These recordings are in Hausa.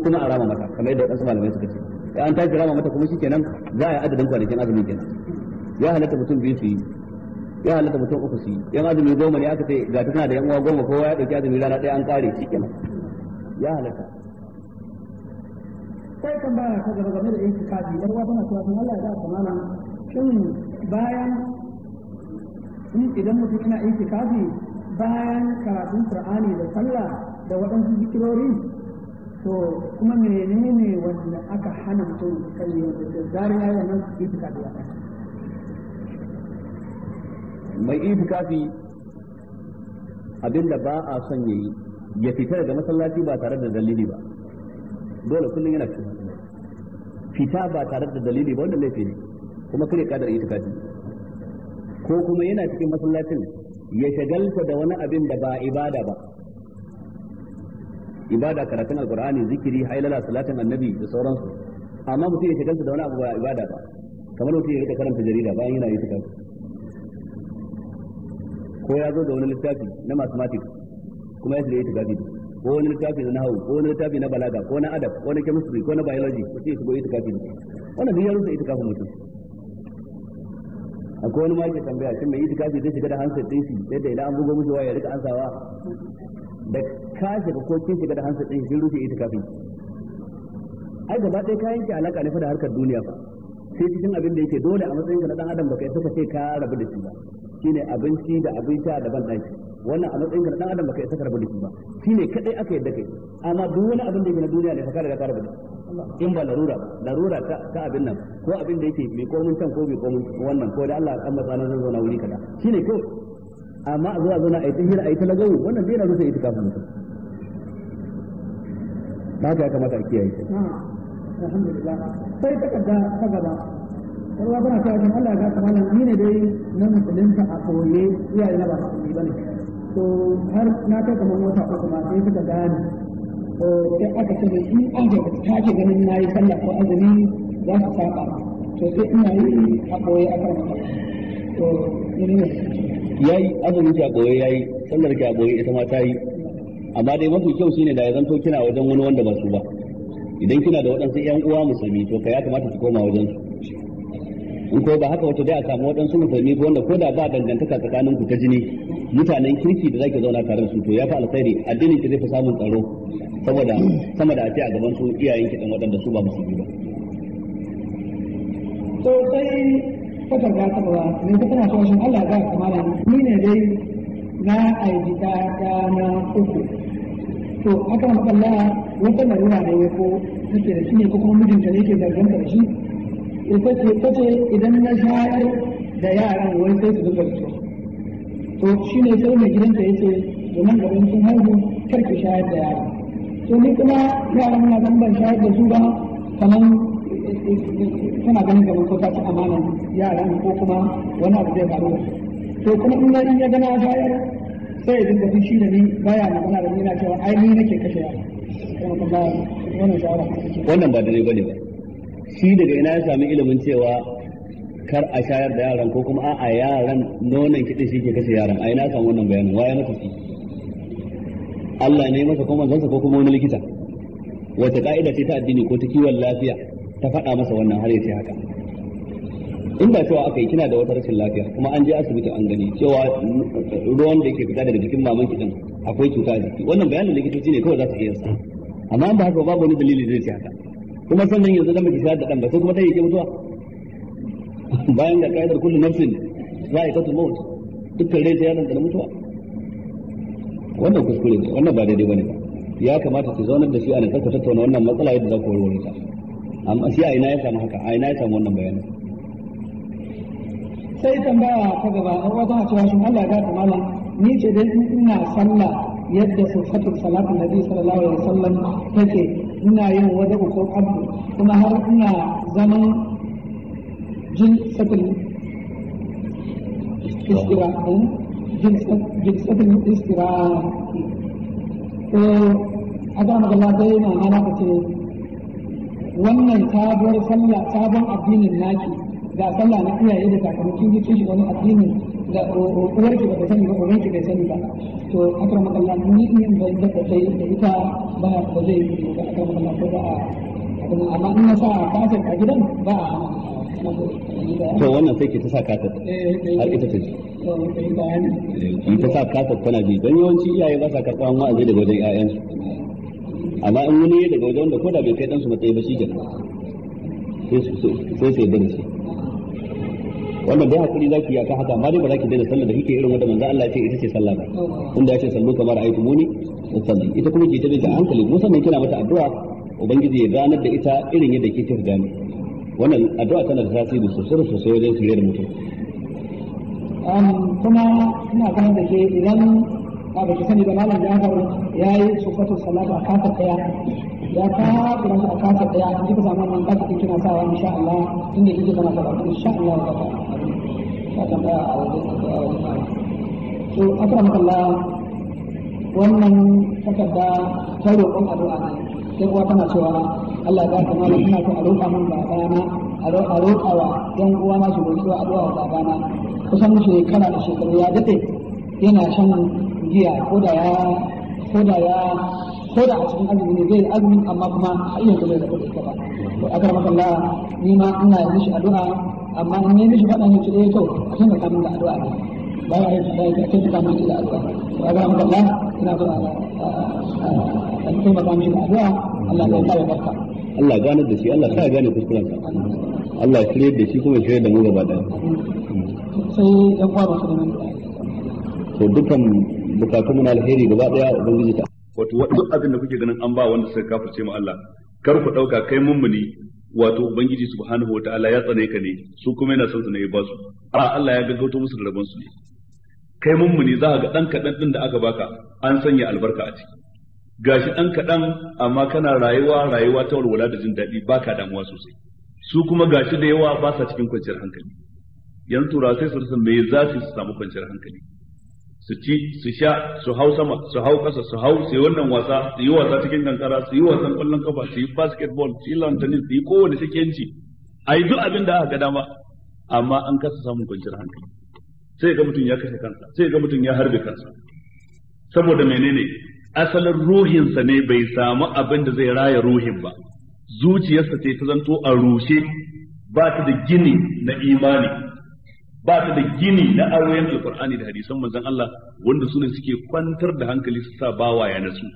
kuma a rama mata kamar yadda wasu malamai suka ce ya an tashi rama mata kuma shikenan za a yi adadin kwanakin azumin kenan ya halatta mutum biyu su yi ya halatta mutum uku su yi yan azumi goma ne aka ce ga tana da yan uwa goma kowa ya dauki azumi rana ɗaya an kare kenan ya halatta sai kan ba ka gaba game da intikafi dan uwa tana cewa Allah ya da malam shin bayan idan mutum yana kafi bayan karatun Qur'ani da sallah da waɗansu zikirori to kuma menene wanda aka hana mutum kai wanda da zari ya yi nan itikafi ba. mai ita fi abinda ba a son yayi ya fita daga masallaci ba tare da dalili ba dole kullum yana cikin fita ba tare da dalili ba wanda laifi ne kuma kare kadar itikafi ko kuma yana cikin masallacin ya shagalta da wani abin da ba ibada ba ibada karatun alqur'ani zikiri hailala salatin annabi da sauransu amma mutum ya shigar da wani abu ba ibada ba kamar mutum ya yi karanta jarida bayan yana yi ta ko ya zo da wani littafi na mathematics kuma ya shiga yi ta ko wani littafi na nahawu ko wani littafi na balaga ko na adab ko na chemistry ko na biology ko sai shigo yi ta kafi wannan duk ya rusa ita kafin mutum akwai wani ma yake tambaya shin mai itikafi zai shiga da hansa din yadda idan an bugo musu waya ya rika ansawa da kashe ko kin shiga da hansa din kin rufe ita kafin ai gaba dai kayan ki alaka ne fa da harkar duniya fa sai cikin abin da yake dole a matsayin ka na dan adam baka isa ka ce ka rabu da shi ba shine abinci da abin sha da ban shi wannan a matsayin ka na dan adam baka isa ka rabu da shi ba shine kadai aka yadda kai amma duk wani abin da yake na duniya ne fa ka riga ka rabu da shi in ba larura larura ta abin nan ko abin da yake mai komai can ko mai komai wannan ko da Allah ya kamata matsana zo na wuri kada shine ko. amma a zuwa zauna a yi tahira a yi talagawu wannan zai na rusa ita kafin mutum haka ya kamata a kiyaye shi alhamdulillah sai takarda ta gaba ruwa bana ta wajen Allah ga ta malam ni ne dai na musulunta a koye yi na ba su ba ne to har na kai kamar wata uku ma sai suka gane to sai aka ce mai in an ga ta ke ganin nayi sallah ko azumi za su saba to sai ina yi a koye akan to ina yi. yayi azumin shi a boye yayi sallar ki a boye ita ma ta yi amma dai mafi kyau shine da ya zanto kina wajen wani wanda ba su ba idan kina da waɗansu ƴan uwa musulmi to ka ya kamata ki koma wajen su in ko ba haka wata dai a samu waɗansu musulmi ko wanda ko da ba dangantaka tsakanin ku ta jini mutanen kirki da zaki zauna tare su to ya fi alkhairi addinin ki zai fi samun tsaro saboda sama da a ce a gaban su iyayen ki dan waɗanda su ba musulmi ba. takar da ta bawa ne ta tana cewa shin Allah ya kamala ni ne dai na aiki ta na uku to aka na Allah wata da ya ko take da shi ne ko kuma mijinta ne ke zargin da shi ita ce ta ce idan na shayar da yaran wani sai su zuba su to shi ne sai mai gidanta ya ce domin gaban sun haihu kar ki shayar da yaran to ni kuma yaran na zan ban shayar da su ba kamar tana ganin gaban ko ta amana yara yaran ko kuma wani abu zai faru to kuma in ya ya gana bayar sai ya dinga shi da ni baya magana da ni na cewa ai ni nake kashe yara wannan ba daidai bane ba shi daga ina ya sami ilimin cewa kar a shayar da yaran ko kuma a yaran nonon kiɗin shi ke kashe yaran a ina samu wannan bayanin waye mata shi Allah ne masa ko manzansa ko kuma wani likita wace ka'ida ce ta addini ko ta kiwon lafiya ta faɗa masa wannan har ya ce haka inda cewa aka yi kina da wata rashin lafiya kuma an je asibiti an gani cewa eh, ruwan da yake fita daga jikin maman ki din akwai cuta a jiki wannan bayanin likitoci ne kawai za su iya sa amma ba haka babu wani dalili zai ce haka kuma sannan yanzu da muke shayar da dan ba sai kuma ta yake mutuwa bayan ga kaidar kullu nafsin za tu maut dukkan rai ta yanan da mutuwa wannan kuskure ne wannan ba daidai bane ba ya kamata ki zaunar da shi a nan tattauna wannan matsala yadda za ku warware ta amma shi a ina ya samu haka a ina ya samu wannan bayanin sai tambaya ta gaba an wata a cewa shin Allah ya gata mala ni ce dai ina sallah yadda sifatul salatin nabi sallallahu alaihi wasallam take ina yin wada ko abu kuma har ina zaman jin sakin istira eh? jin satul istira ko eh, a ga magana dai na ana ta ce wannan sabuwar sallah sabon addinin naki ga sallah na iyaye da sakamakon yake shi wani addinin da uwar ki bata sani ba uwar ki bai sani ba to akram Allah ni in bai da kai da ita ba ba zai yi ba akram Allah ko ba a amma in na sa kasar a gidan ba a to wannan sai ke ta sa kasar har ita ta ki ta sa kasar eh, eh, eh, tana ji Dan yawanci iyaye ba sa karɓar wa'azi daga wajen 'ya'yansu amma in wani daga wajen da koda bai kai dan su matsayi ba shi kenan sai sai da shi wannan bai hakuri zaki ya ka haka amma dai ba zaki daina sallar da kike irin wanda manzo Allah ya ce ita ce sallah ba inda ya ce sallu kamar ayatu muni usalli ita kuma ke ta da hankali mai kina mata addu'a ubangiji ya ganar da ita irin yadda kike ta gani wannan addu'a tana da tasiri sosai sosai wajen shirye da mutum kuma ina ganin da ke idan ba ba ki sani da malam Jafar ya yi sufatu salatu a kafa daya ya ka kuma a kafa daya in kika samu nan ba ki kina sawa insha Allah inda kike kana karatu insha Allah ka ta ka tambaya a wajen da to akramakallah wannan takarda ta roƙon addu'a ne sai kuwa tana cewa Allah ya ga malam ina so a roƙa min ba ɗana a roƙa wa ‘yan uwa na su roƙi wa addu'a wa babana kusan shekara da shekaru ya daɗe yana shan giya ko da ya ko da ya ko da a cikin azumi ne zai azumi amma kuma har yanzu bai rabu da ita ba to akar Allah ni ma ina yi mishi addu'a amma in ne mishi faɗa ne ce eh to a san da mun da addu'a ne ba ya yi da ya tun da kamun da addu'a to akar Allah ina so a taimaka mishi da addu'a Allah ya kare barka Allah gane da shi Allah sa gane kuskuren sa Allah shirye da shi kuma shirye da mu gaba daya sai ya kwaro su ne to dukan bukatun mu na alheri gaba daya ubangiji ta wato duk abin da kuke ganin an ba wanda suka kafirce mu Allah kar ku dauka kai mummuni wato ubangiji subhanahu wataala ya tsane ka ne su kuma yana son su ne yi ba su a Allah ya gaggauto musu da rabon su ne kai mummuni za ka ga dan kadan din da aka baka an sanya albarka a ciki gashi dan kadan amma kana rayuwa rayuwa ta walwala da jin daɗi baka damuwa sosai su kuma gashi da yawa ba sa cikin kwanciyar hankali yan turawa sai su rasa me za su samu kwanciyar hankali su ci su sha su hau sama su hau kasa su hau su yi wannan wasa su yi wasa cikin kankara su yi wasan kwallon kafa su yi basketball su yi lantani, tennis su yi kowane shakenci a yi duk abin da aka ga dama amma an kasa samun kwanciyar hankali sai ga mutum ya kashe kansa sai ga mutum ya harbe kansa saboda menene asalin ruhinsa ne bai samu abin da zai raya ruhin ba zuciyarsa ce ta zanto a rushe ba ta da gini na imani ba ta da gini na ayoyin alkur'ani da hadisan manzon Allah wanda su suke kwantar da hankali su sa bawa ya nasu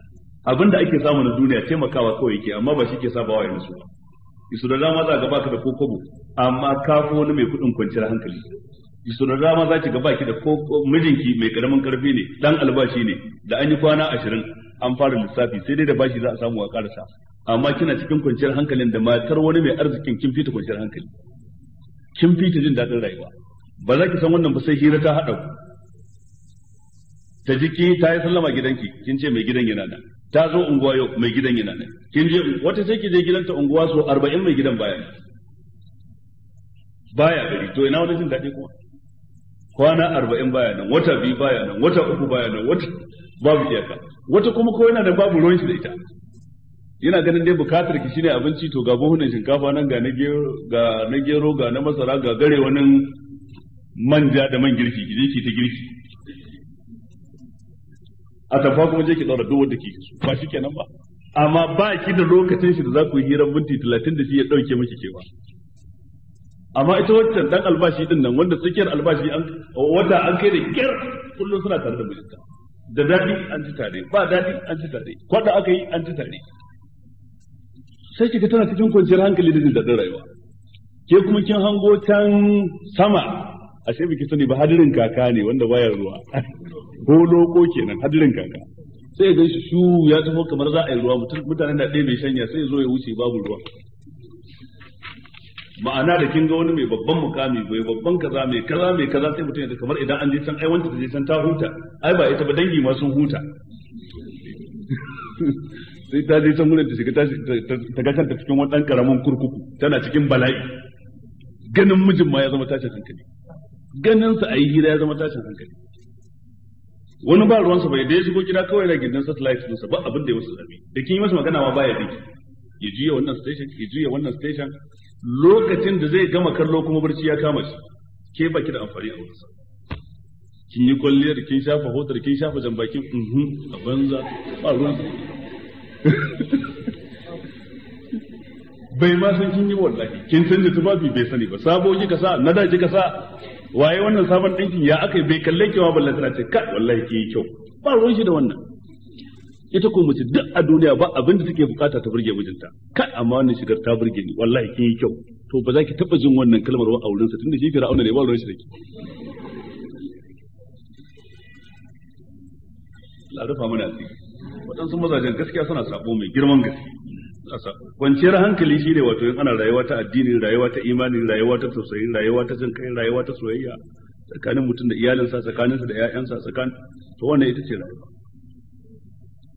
abinda ake samu na duniya taimakawa kawai yake amma ba shi ke sa bawa ya nasu isu da dama za ka baka da kokobo amma kafo wani mai kudin kwanciyar hankali isu da dama za ki ga baki da mijinki mai karamin karfi ne dan albashi ne da an yi kwana ashirin an fara lissafi sai dai da bashi za a samu a karasa amma kina cikin kwanciyar hankalin da matar wani mai arzikin kin fita kwanciyar hankali kin fita jin daɗin rayuwa ba za ki san wannan ba sai hira ta haɗa ku ta jiki ta yi sallama gidanki kin ce mai gidan yana nan ta zo unguwa yau mai gidan yana nan kin je wata sai ki je gidanta unguwa so 40 mai gidan baya baya gari to ina wani jin daɗi kuma kwana 40 baya nan wata biyu baya nan wata uku baya nan wata babu iyaka wata kuma ko yana da babu ruwan shi da ita yana ganin dai bukatar ki shine abinci to ga buhunan shinkafa nan ga na gero ga na gero ga na masara ga gare wani manja da man girki ki je ki ta girki a tafa kuma je ki daura duk wanda kike so ba kenan ba amma ba ki da lokacin shi da za ku yi hirar minti talatin da shi ya ɗauke miki kewa amma ita waccan dan albashi din nan wanda tsakiyar albashi an wata an kai da kyar kullum suna tare da mijinta da daɗi an ci tare ba daɗi an ci tare da aka yi an ci tare sai kika tana cikin kwanciyar hankali da jin daɗin rayuwa ke kuma kin hango can sama ashe biki sani ba hadirin kaka ne wanda baya ruwa ko loko kenan hadirin kaka sai ga shi shu ya tafi kamar za a yi ruwa mutanen da ɗaya mai shanya sai zo ya wuce babu ruwa ma'ana da kin ga wani mai babban mukami mai babban kaza mai kaza mai kaza sai mutum ya kamar idan an je can ai wanda ta je can ta huta ai ba ita ba dangi ma sun huta sai ta je can wurin ta shiga ta ga kanta cikin wani ɗan karamin kurkuku tana cikin bala'i ganin mijin ma ya zama tashin hankali ganin sa yi hira ya zama tashin hankali wani ba ruwansa bai da ya shigo gida kawai na gindin satellite ɗinsa ba abin da ya wasu zabi da kin yi masa magana ma baya diki ya juya wannan station ya juya wannan station lokacin da zai gama kallo kuma barci ya kama shi ke baki da amfani a wurinsa kin yi kwalliyar kin shafa hotar kin shafa jambakin uhun a banza ba ruwansa bai ma san kin yi wallahi kin canza tufafi bai sani ba sabo kika sa na da kika sa waye wannan sabon dinkin ya aka bai kalle kewa balla tana ce ka wallahi ke yi kyau ba ruwan shi da wannan ita ko mace duk a duniya ba abin da take bukata ta burge mijinta ka amma wannan shigar ta burge ni wallahi ke yi kyau to ba za ki taba jin wannan kalmar a wurin sa tunda shi fir'auna ne ba ruwan shi da ke la rufa mana asiri waɗansu mazajen gaskiya suna sabo mai girman gaske kwanciyar hankali shine wato in ana rayuwa ta addini rayuwa ta imani rayuwa ta tausayi rayuwa ta jin kai rayuwa ta soyayya tsakanin mutum da iyalinsa tsakaninsa da ƴaƴansa tsakan to wannan ita ce rayuwa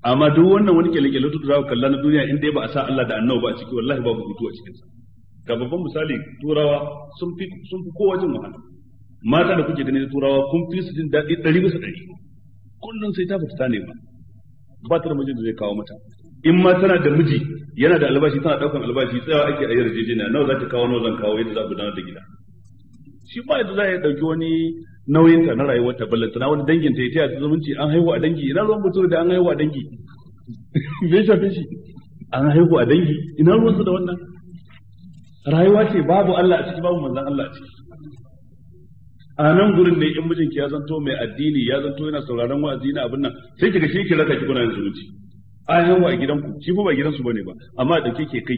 amma duk wannan wani kyalekyale da zaka kalla na duniya in dai ba a sa Allah da annabi ba a ciki wallahi babu hutu a cikin sa ga babban misali turawa sun fi sun fi kowa jin wahala mata da kuke ganin turawa kun fi su jin daɗi ɗari bisa ɗari kullum sai ta fita ne ba ba ta da mijin da zai kawo mata in ma tana da miji yana da albashi tana daukan albashi tsayawa ake a yarjejeniya nawa za ta kawo nawa zan kawo yadda za ku gudanar da gida shi ba yadda za a dauki wani nauyin ta na rayuwar ta ballanta na wani dangin ta yi, ta zumunci an haihu a dangi ina ruwan mutum da an haihu a dangi me shafe shi an haihu a dangi ina ruwan su da wannan rayuwa ce babu Allah a ciki babu manzon Allah a ciki a nan gurin ne in mijinki ya zanto mai addini ya zanto yana sauraron wa'azi na abin nan sai kiga shi ki raka ki kuna yin zumunci ayan wa gidanku shi ba gidansu bane ba amma da ke kai ki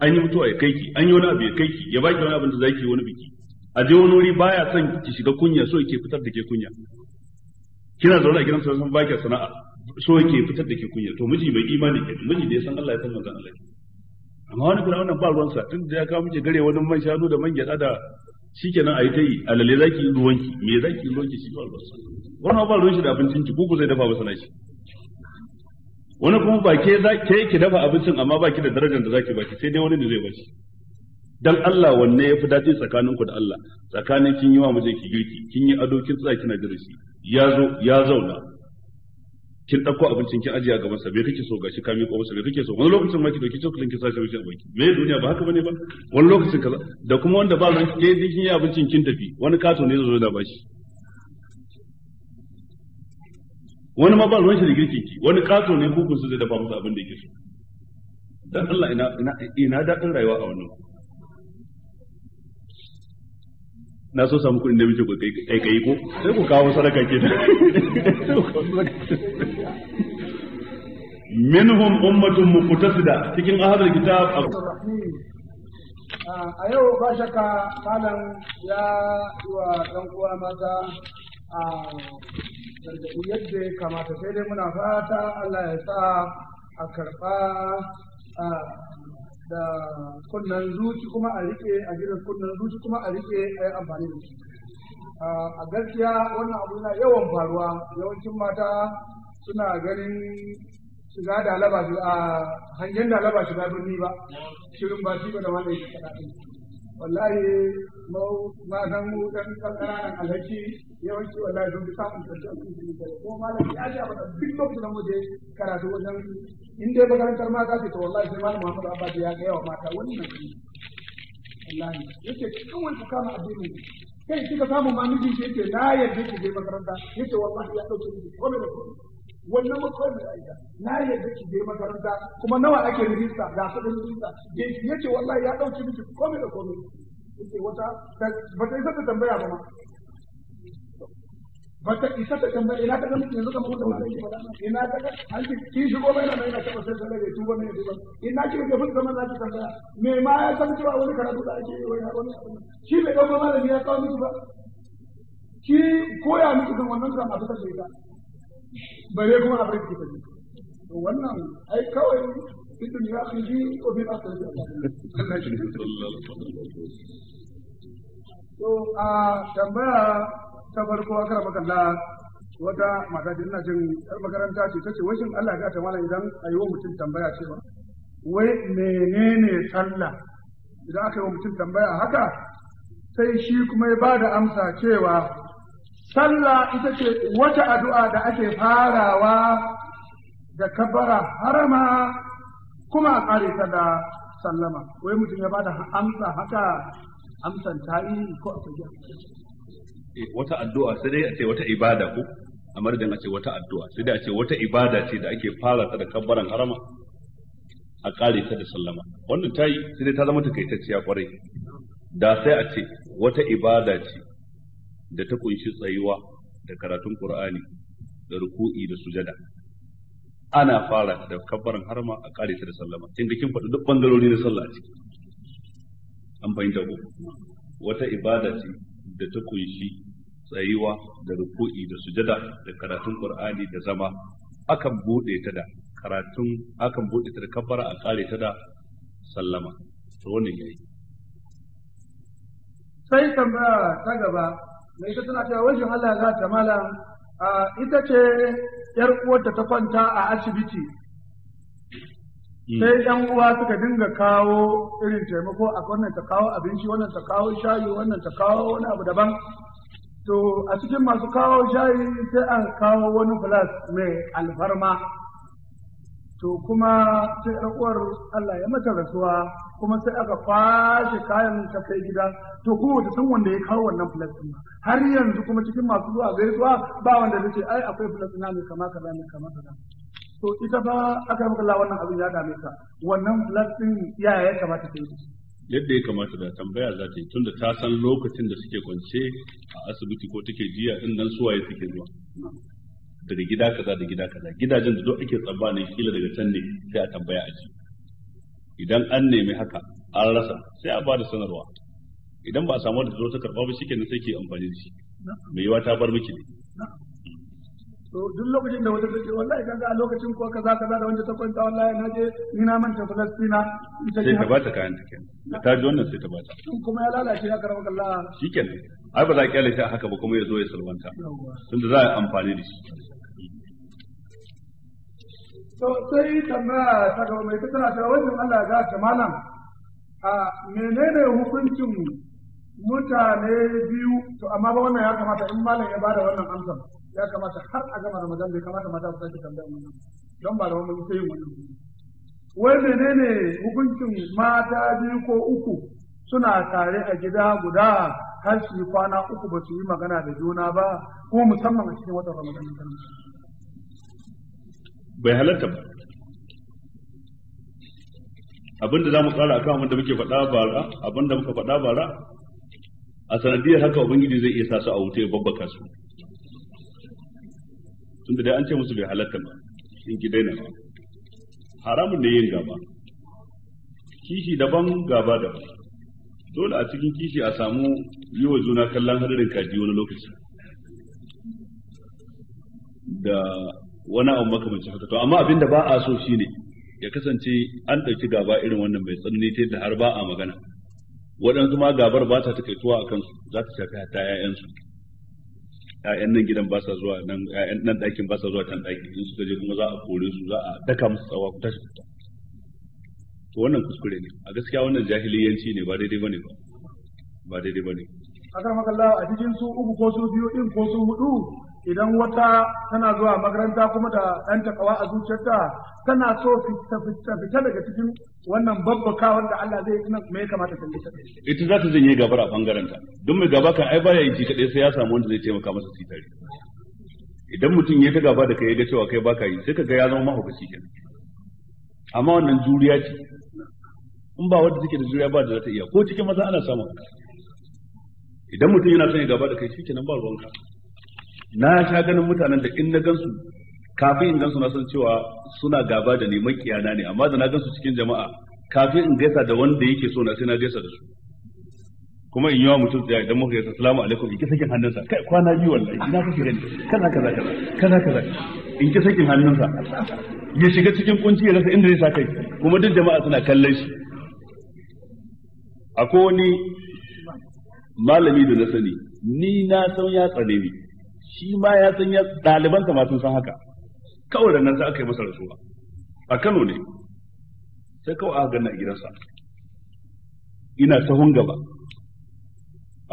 an yi mutuwa ya kai ki an yi wani abu ya kai ki ya baki wani abin da zaki wani biki a je wani wuri baya son ki shiga kunya so yake fitar da ke kunya kina zaune a gidansu san baki sana'a so yake fitar da ke kunya to miji bai imani ke miji da ya san Allah ya san manzon Allah amma wani kuma wannan ba sa tun da ya kawo miji gare wani man shanu da man gyada da shikenan ayi ta yi alale zaki ruwanki me zaki ruwanki shi ba sa wannan ba ruwan shi da abincin ki ko ku zai dafa masa sana'a wani kuma ba ke za ke ki dafa abincin amma ba ki da darajar da zaki baki sai dai wani ne zai baki dan Allah wanne yafi dace tsakanin ku da Allah tsakanin kin yi wa mijin ki girki kin yi ado kin tsaya kina jira shi ya zo ya zauna kin dauko abincin kin ajiya gaban sa me kake so gashi ka miƙo masa me kake so wani lokacin ma ki dauki cokalin ki sashi wuce a baki me duniya ba haka bane ba wani lokacin kaza da kuma wanda ba ran ke kin yi abincin kin tafi wani kato ne zai zo da bashi wani ma ba ruwan shi da girki ki wani kaso ne kukun su zai dafa musu abin da yake so dan Allah ina ina ina dadin rayuwa a wannan na so samu kudin da muke ko kai kai ko sai ku kawo sadaka ke minhum ummatun muqtasida cikin ahadul kitab a yau ba shakka malam ya yi wa dan uwa mata Ah, gargaɗi yadda ya kamata sai dai muna fata Allah ya sa a karɓa ah, da kunnan zuci kuma a rike a gidan kunnan zuci kuma a rike a yi amfani da shi ah, a gaskiya wannan abu na yawan faruwa yawancin mata suna ganin shiga da alaba a hangen da alaba shiga birni ba shirin ba shi ba da wannan kaɗa ɗin wallahi matan mutan ƙananan alhaki yawanci wallahi sun fi samun da ko malam ya duk lokacin da muje karatu wajen in dai makarantar to wallahi sai malam Muhammad ya ga yawa mata wannan shi wallahi kawai ku kama addini kai kika samu ma mijin ke yake na yarda ki je makaranta yace wallahi ya dauke ki komai da komai wannan makon da aida na yadda ki je makaranta kuma nawa ake rijista ga su din rijista je ki yace wallahi ya dauki miki komai da komai yace wata ba ta isa ta tambaya ba ma ba ta isa ta tambaya ina ta gani yanzu kamar wanda wata yake ina ta ga an ki kin shigo mai na mai na taba sai sai da tuba mai tuba ina ki ga fitta man zaki tambaya me ma ya san cewa wani karatu da ake yi wani shi bai dauka malami ya kawo miki ba ki koya miki kan wannan karatu da ita bare kuma a farki ta to wannan ai kawai bidin ya fi ji ko bin asali Allah to a tambaya ta farko akara makalla wata mata da jin yar makaranta ce tace washin Allah ga ta mana idan ayi wa mutum tambaya ce ba wai menene sallah idan aka yi wa mutum tambaya haka sai shi kuma ya da amsa cewa sallah ita ce wata addu'a da ake farawa da kabara harama kuma a ƙare ta da sallama wai mutum ya ba da amsa haka amsan ta yi ko a fage eh, wata addu'a sai dai a ce wata ibada ko a madadin a ce wata addu'a sai dai a ce wata ibada ce da ake fara ta da kabaran harama a ƙare ta da sallama wannan ta yi sai dai ta zama takaitacciya kwarai da sai a ce wata ibada ce da ta kunshi tsayuwa da karatun Qur'ani da ruku'i da sujada ana fara da kabbarin harma a kare ta da sallama kin ga kin faɗi duk bangarori na sallah ciki an fahimta ko wata ibada ce da ta kunshi tsayuwa da ruku'i da sujada da karatun Qur'ani da zama akan bude ta da karatun akan bude ta da kabbara a kare ta da sallama to wannan yayi sai tambaya ta gaba mai shi tana cewa wajen Allah za ta mala ita ce yar uwarta ta kwanta a asibiti sai yan uwa suka dinga kawo irin taimako a wannan ta kawo abinci wannan ta kawo shayi wannan ta kawo wani abu daban to a cikin masu kawo shayi sai an kawo wani flas mai alfarma to kuma sai uwar Allah ya mata rasuwa kuma sai aka kwashe kayan ta kai gida to kuma wata san wanda ya kawo wannan filastin ba har yanzu kuma cikin masu zuwa gaisuwa ba wanda zai ce ai akwai filastina mai kama kaza mai kama kaza to ita fa aka maka Allah wannan abin ya dame ka wannan filastin yaya ya kamata ta yi yadda ya kamata da tambaya za ta yi tunda ta san lokacin da suke kwance a asibiti ko take jiya din nan suwaye suke zuwa daga gida kaza da gida kaza gidajen da duk ake ne kila daga can ne sai a tambaya a ji idan an nemi haka an rasa sai a ba da sanarwa idan ba a samu da zo ta karba ba shikenan sai ke amfani da shi mai yawa ta bar miki ne to duk lokacin da wata ta ce wallahi kaga a lokacin ko kaza kaza da wanda ta kwanta wallahi na je ni na manta Falastina ita ce ta bata kayan ta ta ji wannan sai ta bata tun kuma ya lalace ya karama Allah shikenan ai ba za ki lalace haka ba kuma ya zo ya salwanta tunda za a yi amfani da shi to sai tambaya ta ga mai tana ta wajen Allah ya ga malam a menene hukuncin mutane biyu to amma ba wannan ya kamata in malam ya bada wannan amsar ya kamata har a gama ramadan bai kamata mata su sake tambayar wannan don ba da wannan sai wannan wai menene hukuncin mata biyu ko uku suna tare a gida guda har su yi kwana uku ba su yi magana da juna ba ko musamman a cikin watan ramadan bai halatta ba abinda za mu tsara akan abinda muke faɗa bara abinda muka faɗa bara a sanadiyar haka ubangiji zai iya sa su a wuta ya babbaka su tunda dai an ce musu bai halatta ba in ki daina ba haramun ne yin gaba kishi daban gaba daban dole a cikin kishi a samu yi wa juna kallon hadarin kaji wani lokaci da wani abu makamancin haka to amma abin da ba a so shine ya kasance an ɗauki gaba irin wannan mai tsanani ta yadda har ba a magana waɗansu ma gabar ba ta takaituwa a kansu za ta shafi hatta 'ya'yansu. Ya'yan nan gidan ba sa zuwa nan ‘ya’yan nan ɗakin ba sa zuwa can ɗakin in su je kuma za a kore su za a daka musu tsawa ku tashi fita to wannan kuskure ne a gaskiya wannan jahiliyanci ne ba daidai bane ba ba daidai bane akar makalla a cikin su uku ko su biyu in ko su hudu idan wata tana zuwa makaranta kuma da ɗan takawa a zuciyarta tana so fita fita daga cikin wannan babbaka wanda Allah zai yi mai kamata ta nisa ita za ta janye gabar a bangaren ta don mai gaba kan ai baya yin shi kadai sai ya samu wanda zai taimaka masa su tare idan mutum ya ta gaba da kai ya ga cewa kai baka yi sai ka ga ya zama mahaukaci kenan amma wannan juriya ce in ba wanda take da juriya ba da za ta iya ko cikin maza ana samun idan mutum yana son ya gaba da kai shi kenan ba ruwanka na sha ganin mutanen da in na gansu kafin in gansu na san cewa suna gaba da neman kiyana ne amma da na gansu cikin jama'a kafin in gaisa da wanda yake so na sai na gaisa da su kuma in yi wa mutum tsaya idan muka gaisa salamu alaikum in ki sakin hannunsa kai kwana biyu wallahi ina kake gani kana kaza kaza kana kaza in ki sakin hannunsa ya shiga cikin kunci ya rasa inda zai sa kai kuma duk jama'a suna kallon shi akwai wani malami da na sani ni na san ya tsane ni shi ma ya san ya ɗalibansa ma sun san haka kawai da nan sai aka yi masa rasuwa a Kano ne sai kawai aka ganna gidansa ina sahun gaba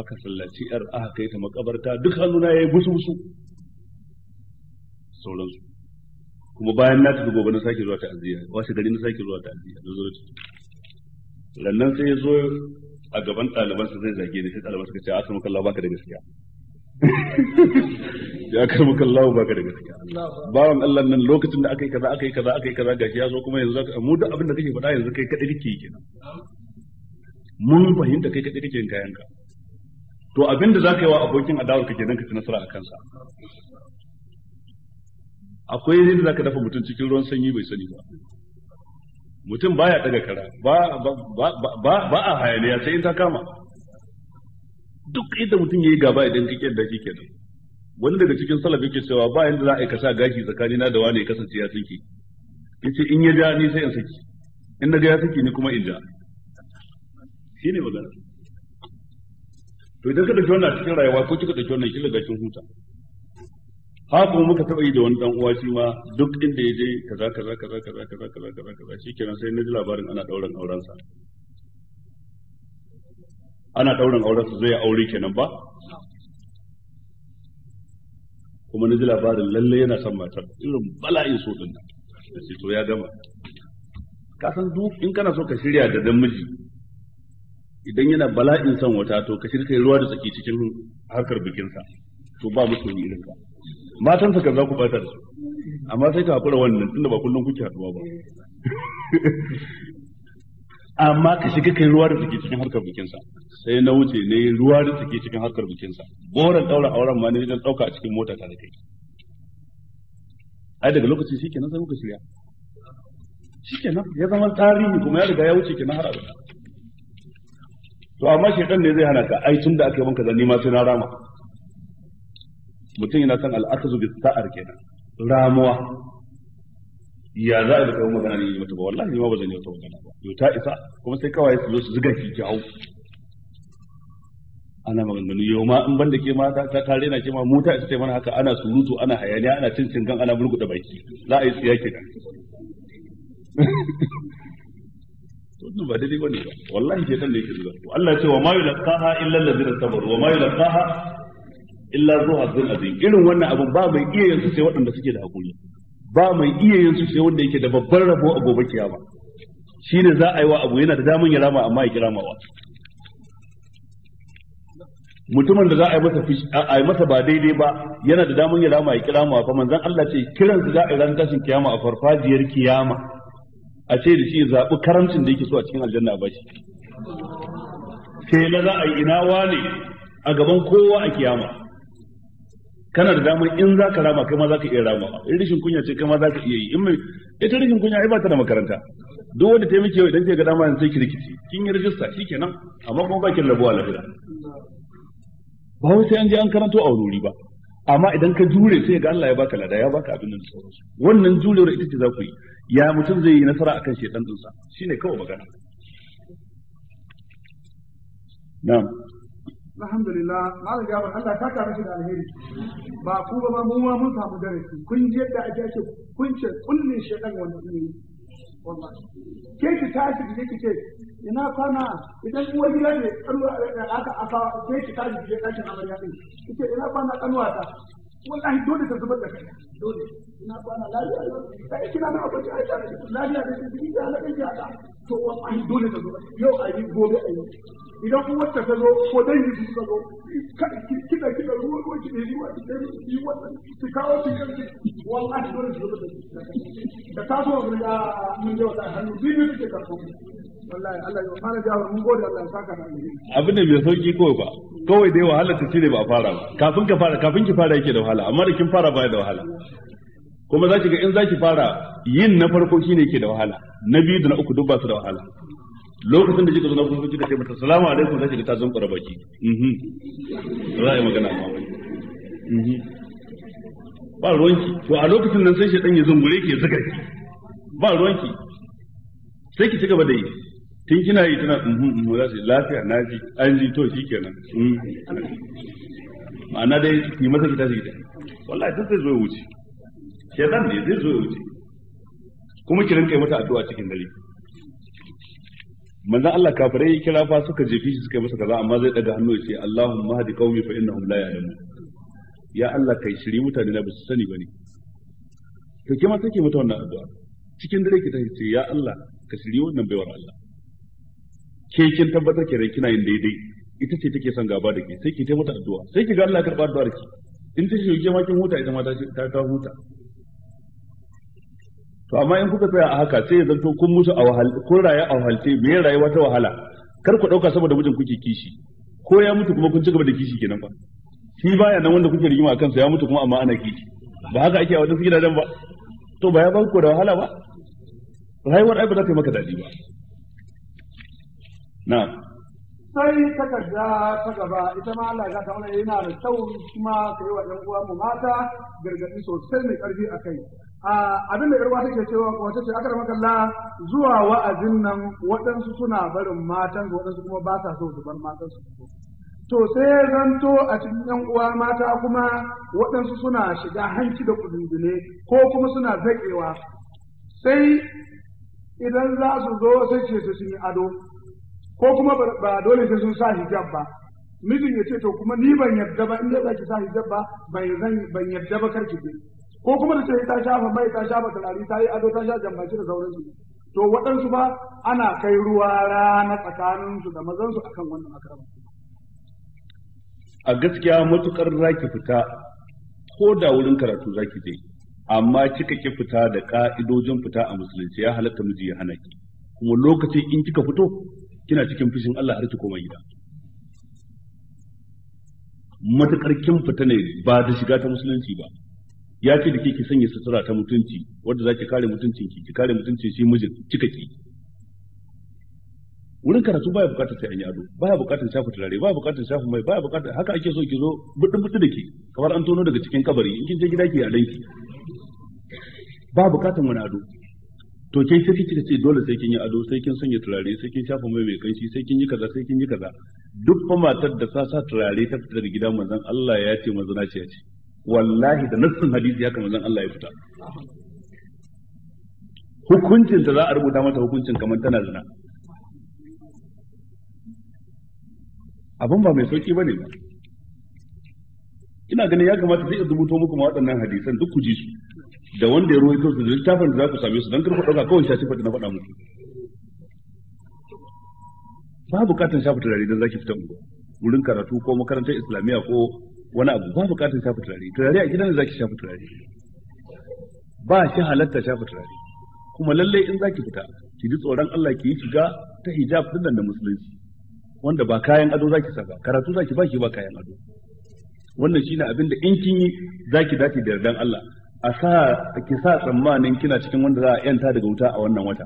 aka sallaci yar aka kai ta makabarta duk hannuna yayi busu busu sauransu kuma bayan na tafi gobe na sake zuwa ta'aziyya washe gari na sake zuwa ta'aziyya na zuwa da rannan sai ya zo a gaban ɗalibansa zai zage ni sai ɗalibansa ka ce a samu kallon baka da gaskiya ya karbi kallahu baka da gaskiya bawan Allah nan lokacin da aka yi kaza aka yi kaza aka yi kaza gashi ya zo kuma yanzu zaka mu duk abin da kake faɗa yanzu kai kadai kike kenan mun fahimta kai kadai kike kayan ka to abin da zaka yi wa abokin adawar ka kenan ka ci nasara a kansa akwai yadda zaka dafa mutum cikin ruwan sanyi bai sani ba mutum baya daga kara ba ba ba a hayaniya sai in ta kama duk inda mutum yayi gaba idan kike da kike kenan wani daga cikin salaf yake cewa ba yanda za a yi kasa gashi tsakanina da wani ya kasance ya tsinke yace in ya ja ni sai in saki in naga ya saki ni kuma in ja shine magana to idan ka dauki wannan cikin rayuwa ko kika dauki wannan kila gashin huta haka kuma muka taba yi da wani dan uwa shi ma duk inda ya je kaza kaza kaza kaza kaza kaza kaza kaza shikenan sai na ji labarin ana dauran auren sa ana ɗaurin auren su zai aure kenan ba kuma na ji labarin lalle yana son matar irin bala'in so din nan da shi to ya gama ka san duk in kana so ka shirya da dan miji idan yana bala'in son wata to ka shirya ruwa da tsaki cikin harkar bikinsa to ba mutum yi irin ka sa kan za ku bata da su amma sai ka haƙura wannan tunda ba kullum kuke haduwa ba amma ka shiga kai ruwa da take cikin harkar bikinsa sai na wuce ne ruwa da take cikin harkar bikinsa goran daura auren ma ne dan dauka a cikin mota da kai ai daga lokacin shikenan sai muka shirya shikenan ya zama tarihi kuma ya riga ya wuce kenan har abada to amma shedan ne zai hana ka ai tun da aka yi wanka zanni ma sai na rama mutum yana son al'akazu bi sa'ar kenan ramuwa ya za a baka magana ne mata ba wallahi ma ba zan yi wata magana ba yau ta isa kuma sai kawai su zo su zuga ki ki hau ana maganganu yau ma in banda ke ma ta tare na ke ma mu ta isa ce mana haka ana surutu ana hayaniya ana cin cin gan ana burguda baki za a yi tsiya ke da wannan ba daidai bane ba wallahi ke dan da yake zuwa Allah ya ce wa ma yulqaha illa alladhina sabaru wa ma yulqaha illa zuhadun azim irin wannan abun ba mai iya yanzu sai waɗanda suke da hakuri ba mai iya yin su sai wanda yake da babban rabo a gobe kiyama shine za a yi wa abu yana da daman ya rama amma ya wa mutumin da za a yi masa a yi masa ba daidai ba yana da daman ya rama ya wa fa manzon Allah ce kiran su za a yi ran tashin kiyama a farfajiyar kiyama a ce da shi zaɓi karamcin da yake so a cikin aljanna ba shi sai na za a yi ina wane a gaban kowa a kiyama kana da damar in za ka rama kai ma za ka iya rama in rashin kunya ce kai ma za ka iya yi in mai ita rashin kunya ai ba ta da makaranta duk wanda ta yi idan ta ga dama sai ki rikici kin yi rajista shikenan amma kuma ba ki rabuwa lafiya ba wai sai an je an karanto a wuri ba amma idan ka jure sai ga Allah ya baka lada ya baka abin nan sauransu wannan jurewar ita ce za ku yi ya mutum zai yi nasara akan shedan dinsa shine kawai magana na'am alhamdulillah malam jabir Allah ta kare shi da alheri ba ku ba ba mun mun samu darasi kun ji yadda kullin shedan ne wallahi ke ki tashi ki ki ce ina idan ne da eh, aka aka ke ki tashi ki amarya din ki ce ina ta wallahi dole ta zubar da kai dole ina kwana lafiya sai kina na a tare lafiya da da na kai to dole zo yau a gobe a yi idan ta zo ko yi ta zo ruwa ko ki ne ki dai yi ki kawo ki wallahi ta zo da ta mun da hannu ya fara jawo mun gode Allah ya saka abin da bai sauki kawai ba kawai dai wahala ta ce ne ba a fara ba kafin ka fara kafin ki fara yake da wahala amma da kin fara ba. da wahala kuma za ki ga in za ki fara yin na farko ne ke da wahala na biyu da na uku duk ba su da wahala lokacin da kika zo na farko kika ce mata salamu alaikum za ki ga ta kwara baki mhm za a yi magana ma mhm ba ruwanki to a lokacin nan sai shedan ya zungure ki ya zuga ki ba ruwanki sai ki ci gaba da yi tun kina yi tana mhm, mhm za su lafiya na ji an ji to kenan mhm. ma'ana dai ki masa ki tashi gida wallahi duk zai zo ya wuce shedan ne zai zo ya wuce kuma kiran kai mata addu'a cikin dare manzon Allah kafirai kira fa suka jefi shi suka yi masa kaza amma zai daga hannu ya ce Allahumma hadi qaumi fa innahum la ya'lamun ya Allah kai shiri mutane na ba su sani bane to ke ma take mata wannan addu'a cikin dare ki tashi ce ya Allah ka shiri wannan baiwar Allah ke kin tabbatar ke rai kina yin daidai ita ce take son gaba da ke sai ki taimata addu'a sai ki ga Allah karba addu'ar ki in ta shi ke ma kin huta ita ma ta ta huta to amma in kuka tsaya a haka sai ya zanto kun mutu a wahal kun rayu a wahalce me rayuwa ta wahala kar ku dauka saboda mijin kuke kishi ko ya mutu kuma kun ci gaba da kishi kenan ba shi baya nan wanda kuke rigima akan sa ya mutu kuma amma ana kishi ba haka ake a wajen dan ba to ba ya ban ku da wahala ba rayuwar ai ba za ta yi maka daɗi ba Na. sai takarda ta gaba ita ma Allah ya ta yana da kyau kuma kai wa ɗan uwa mu mata gargadi sosai mai karfi a kai Abin da abinda yarwa ke cewa wace ce akar makalla zuwa wa'azin nan waɗansu suna barin matan su waɗansu kuma ba sa so su bar matan su to sai zanto a cikin yan uwa mata kuma waɗansu suna shiga hanci da kudundune ko kuma suna zaƙewa sai idan za su zo sai ce su sun yi ado ko kuma ba dole sai sun sa hijab ba mijin ya ce to kuma ni ban yarda ba in za ki sa hijab ba ban yarda ba karki je ko kuma da ce ta shafa mai ta shafa turare ta yi ado ta sha jambaki da sauransu to waɗansu ba ana kai ruwa rana tsakaninsu da mazansu akan wannan akrama a gaskiya matukar zaki fita ko da wurin karatu zaki je amma kika ki fita da ka'idojin fita a musulunci ya halatta miji ya hana ki kuma lokacin in kika fito kina cikin fushin Allah har ki koma gida matukar kin fita ne ba da shiga ta musulunci ba ya ce da kike sanya sutura ta mutunci wadda za ki kare mutuncin ki ki kare mutuncin shi mijin kika ki wurin karatu baya bukatar sai an yi ado baya bukatar shafa turare baya bukatar shafa mai baya bukatar haka ake so ki zo budin budin da ke kamar an tono daga cikin kabari in kin je gida ki a danki ba bukatar wani ado to kin sai kika ce dole sai kin yi ado sai kin sanya turare sai kin shafa mai mai kanshi sai kin yi kaza sai kin yi kaza duk fa matar da ta sa turare ta daga gida manzon Allah ya ce mazana ce ya ce wallahi da nassin hadisi haka manzon Allah ya fita hukuncin da za a rubuta mata hukuncin kamar tana zina abin ba mai sauki bane ba ina ganin ya kamata sai in rubuto muku ma waɗannan hadisan duk ku ji su da wanda ya ruwaito su da littafin da za ku same su don kar ku ɗauka kawai shafi fata na faɗa muku ba bukatan shafi turare don zaki fita unguwa wurin karatu ko makarantar islamiyya ko wani abu ba bukatar shafa turare turare a gidan zaki shafa turare ba shi halatta shafa turare kuma lallai in zaki fita ki ji tsoron Allah ki yi shiga ta hijab din da musulunci wanda ba kayan ado zaki saka karatu zaki ba shi ba kayan ado wannan shine abin da in kin yi zaki dace da yardan Allah a sa ki sa tsammanin kina cikin wanda za a yanta daga wuta a wannan wata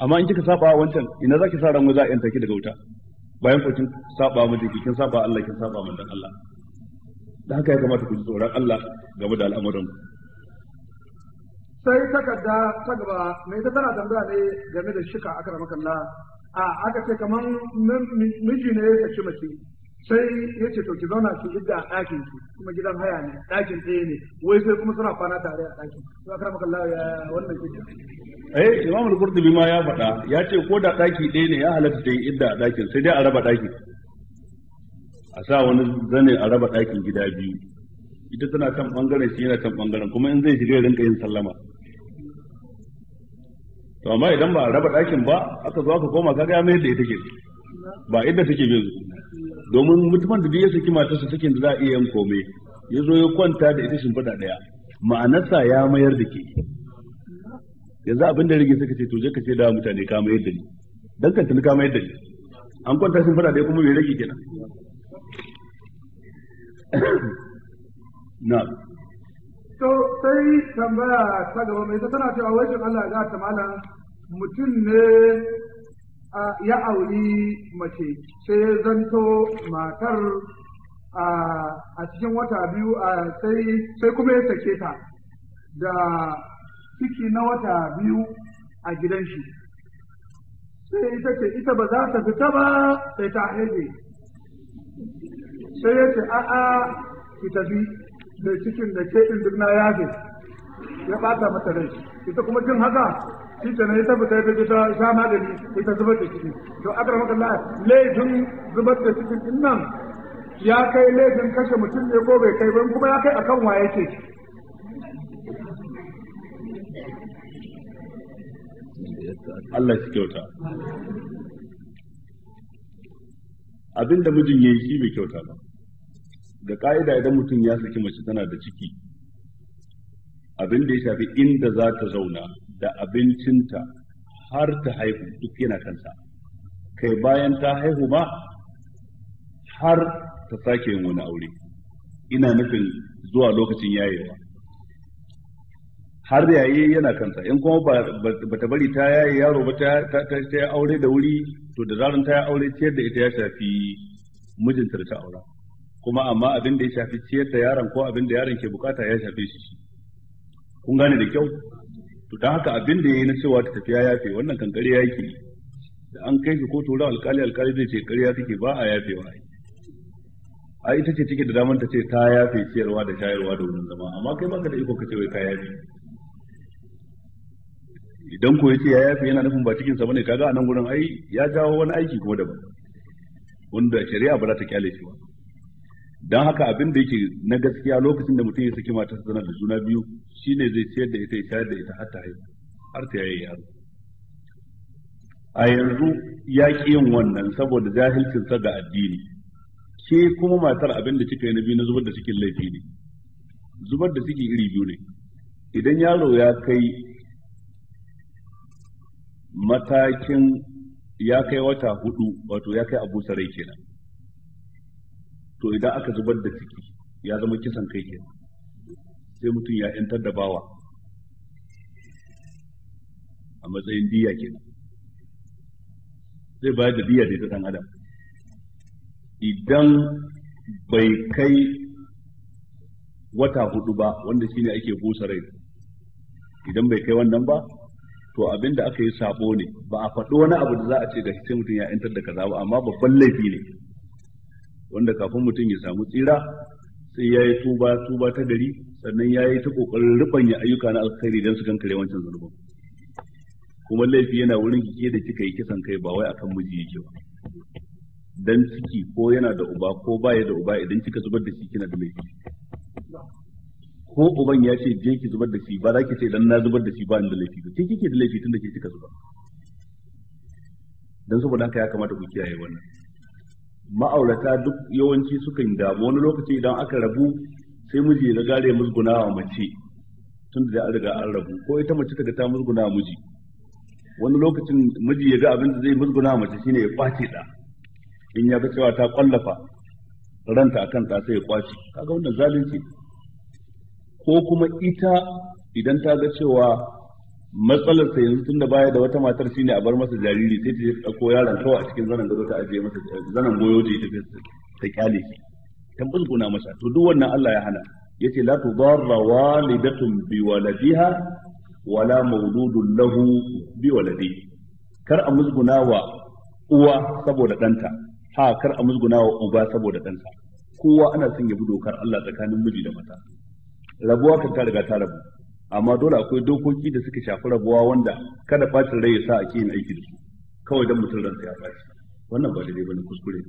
amma in kika saba wancan ina zaki sa ran za a yanta ki daga wuta bayan ko kin saba mu kin saba Allah kin saba dan Allah da haka ya kamata ku ji tsoron Allah game da al'amuran sai takarda ta gaba mai ta tana tambaya ne game da shika aka rama kalla a aka ce kamar miji ne ya ci mace sai ya ce to ki zauna ki idda a ɗakin ki kuma gidan haya ne ɗakin ɗaya ne wai sai kuma suna kwana tare a ɗakin to aka rama kalla ya wannan ke eh imam al-qurtubi ma ya faɗa ya ce ko da ɗaki ɗaya ne ya halatta ta yi idda a ɗakin sai dai a raba ɗakin a sa wani zane a raba ɗakin gida biyu ita tana kan ɓangaren shi yana kan ɓangaren kuma in zai shiga ya rinka yin sallama to amma idan ba a raba ɗakin ba aka zo aka koma kaga ya mayar da ita ke ba inda take bin domin mutumin da biyu saki su, sakin da za a iya yin komai ya zo ya kwanta da ita shimfiɗa ɗaya ma'anarsa ya mayar da ke yanzu abin da rage suka ce to je ka ce da mutane ka mayar da ni dan kanta ka mayar da ni an kwanta shimfiɗa ɗaya kuma bai rage kenan na'am to sai tambaya ta gaba mai ta tana cewa wai Allah za ta malam mutum ne ya auri mace sai ya zanto matar a cikin wata biyu sai kuma ya sake ta da ciki na wata biyu a gidan shi sai ita ce ita ba za ta fita ba sai ta haife sai yace a a'a ki tafi da cikin da ke din duk na yafe ya ɓata mata rai ita kuma jin haka shi ta ne ta fita ita ta sha magani ita zubar da ciki to akar maka la laifin zubar da cikin din nan ya kai laifin kashe mutum ne ko bai kai ba kuma ya kai akan wa yake Allah shi kyauta abinda mijin yayi shi bai kyauta ba Da ƙa'ida idan mutum ya saki mace tana da ciki abin da ya shafi inda za ta zauna da abincinta har ta haihu duk yana kansa kai bayan ta haihu ba, har ta sake yin wani aure ina nufin zuwa lokacin yayewa har yaye yana kansa in kuma ba ta bari ta yaye yaro ba ta ta aure da wuri to da zarin ta aure ciyar da ita ya shafi mijinta da ta aura kuma amma abin da ya shafi ciyar da yaron ko abin da yaron ke bukata ya shafe shi kun gane da kyau to dan haka abin da yayi na cewa ta tafiya yafe wannan kankare ya yake da an kai shi kotu wurin alkali alkali zai ce kariya take ba a yafewa a ita ce take da daman ta ce ta yafe ciyarwa da shayarwa da wurin zama amma kai baka da iko ka ce wai ka yafe idan ko yace ya yafe yana nufin ba cikin sa bane kaga nan gurin ai ya jawo wani aiki kuma daban wanda shari'a ba za ta kyale shi ba don haka abin da yake na gaskiya lokacin da mutum ya saki mata sanar da juna biyu shine zai ciyar da ita ya shayar da ita har ta haihu har ta yayi yaro a yanzu ya ƙi yin wannan saboda jahilcinsa ga addini ke kuma matar abin da kika yi na biyu na zubar da cikin laifi ne zubar da ciki iri biyu ne idan yaro ya kai matakin ya kai wata hudu wato ya kai abu sarai kenan to idan aka zubar da ciki ya zama kisan kai ke sai mutum ya yantar da bawa a matsayin diya ke zai bayar da diya da ta dan adam idan bai kai wata hudu ba wanda shine ake busa rai idan bai kai wannan ba to abin da aka yi sabo ne ba a faɗo wani abu da za a ce ga sai mutum ya yantar da kaza ba amma babban laifi ne wanda kafin mutum ya samu tsira sai ya yi tuba tuba ta gari sannan ya yi ta kokarin rubanya ayyuka na alkhairi don su kankare wancan zunuban kuma laifi yana wurin kike da kika yi kisan kai ba wai akan miji yake ba dan ciki ko yana da uba ko baya da uba idan kika zubar da shi kina da laifi ko uban ya ce je ki zubar da shi ba za ki ce dan na zubar da shi ba ni da laifi ba kin kike da laifi tun da ke kika zubar dan saboda haka ya kamata ku kiyaye wannan ma'aurata duk yawanci sukan damu wani lokaci idan aka rabu sai miji ya gare musguna wa mace tun da an riga an rabu ko ita mace ta ga ta musguna wa miji wani lokacin miji ya ga abin da zai musguna wa mace shine ya kwace da in ya ga cewa ta kwallafa ranta akan ta sai ya kwace kaga wannan zalunci ko kuma ita idan ta ga cewa matsalar sa yanzu tunda baya da wata matar shine a bar masa jariri sai ta je dauko yaron kawai a cikin zanen gado ta ajiye masa zanen goyo ta ita ta kyale shi tan bulguna masa to duk wannan Allah ya hana yace la tudarra walidatun bi waladiha wala mawludun lahu bi waladi kar a musguna wa uwa saboda danta ha kar a musguna wa uba saboda danta kowa ana son ya bi dokar Allah tsakanin miji da mata rabuwa kan ta riga ta rabu amma dole akwai dokoki da suka shafi rabuwa wanda kada bacin rai ya sa ake yin aiki da su kawai dan mutum ransa ya baci wannan ba daidai bane kuskure